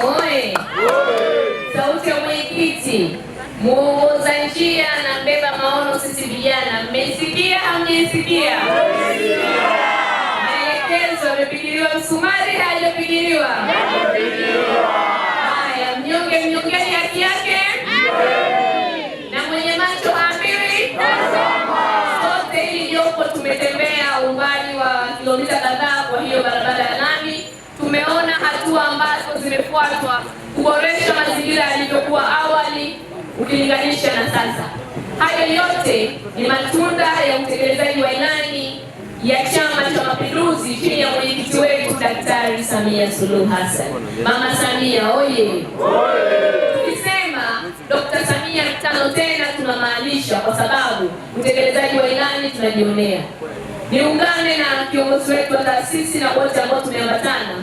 Oye, sauti ya mwenyekiti muongoza njia na mbeba maono, sisi vijana, mmeisikia au Maelekezo yamepigiliwa msumari, hajapigiliwa? Haya, mnyonge mnyongeni haki yake, na mwenye macho ambili sote. Hili jopo tumetembea umbali wa kilomita kadhaa, kwa hiyo barabara hatua ambazo zimefuatwa kuboresha mazingira yalivyokuwa awali ukilinganisha na sasa. Hayo yote ni matunda ya utekelezaji wa ilani ya Chama cha Mapinduzi chini ya mwenyekiti wetu Daktari Samia Suluhu Hassan. Mama Samia oye! Tukisema Dkt. Samia tano tena, tunamaanisha kwa sababu utekelezaji wa ilani tunajionea. Niungane na kiongozi wetu wa taasisi na wote ambao tumeambatana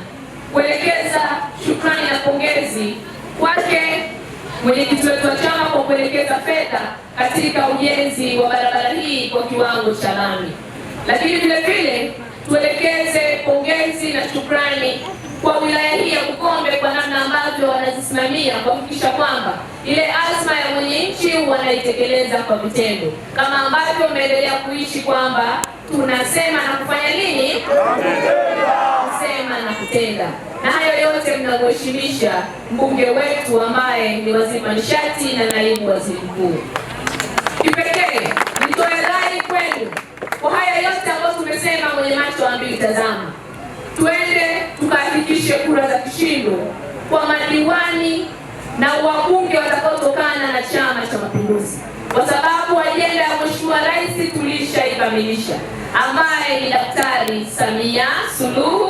kuelekeza shukrani na pongezi kwake mwenyekiti wetu wa chama kwa kuelekeza fedha katika ujenzi wa barabara hii kwa kiwango cha lami, lakini vile vile tuelekeze pongezi na shukrani kwa wilaya hii ya Bukombe kwa namna ambavyo wanazisimamia kuhakikisha kwamba ile azma ya mwenye nchi wanaitekeleza kwa vitendo, kama ambavyo umeendelea kuishi kwamba tunasema na kufanya nini kutenda. Na hayo yote mnamheshimisha mbunge wetu ambaye ni waziri nishati na naibu waziri mkuu. Kipekee nitoe rai kwenu kwa haya yote ambayo tumesema, kwenye macho ya mbili tazama, twende tukahakikishe kura za kishindo kwa madiwani na wabunge watakaotokana na Chama cha Mapinduzi, kwa sababu ajenda ya Mheshimiwa Rais tulishaikamilisha, ambaye ni Daktari Samia Suluhu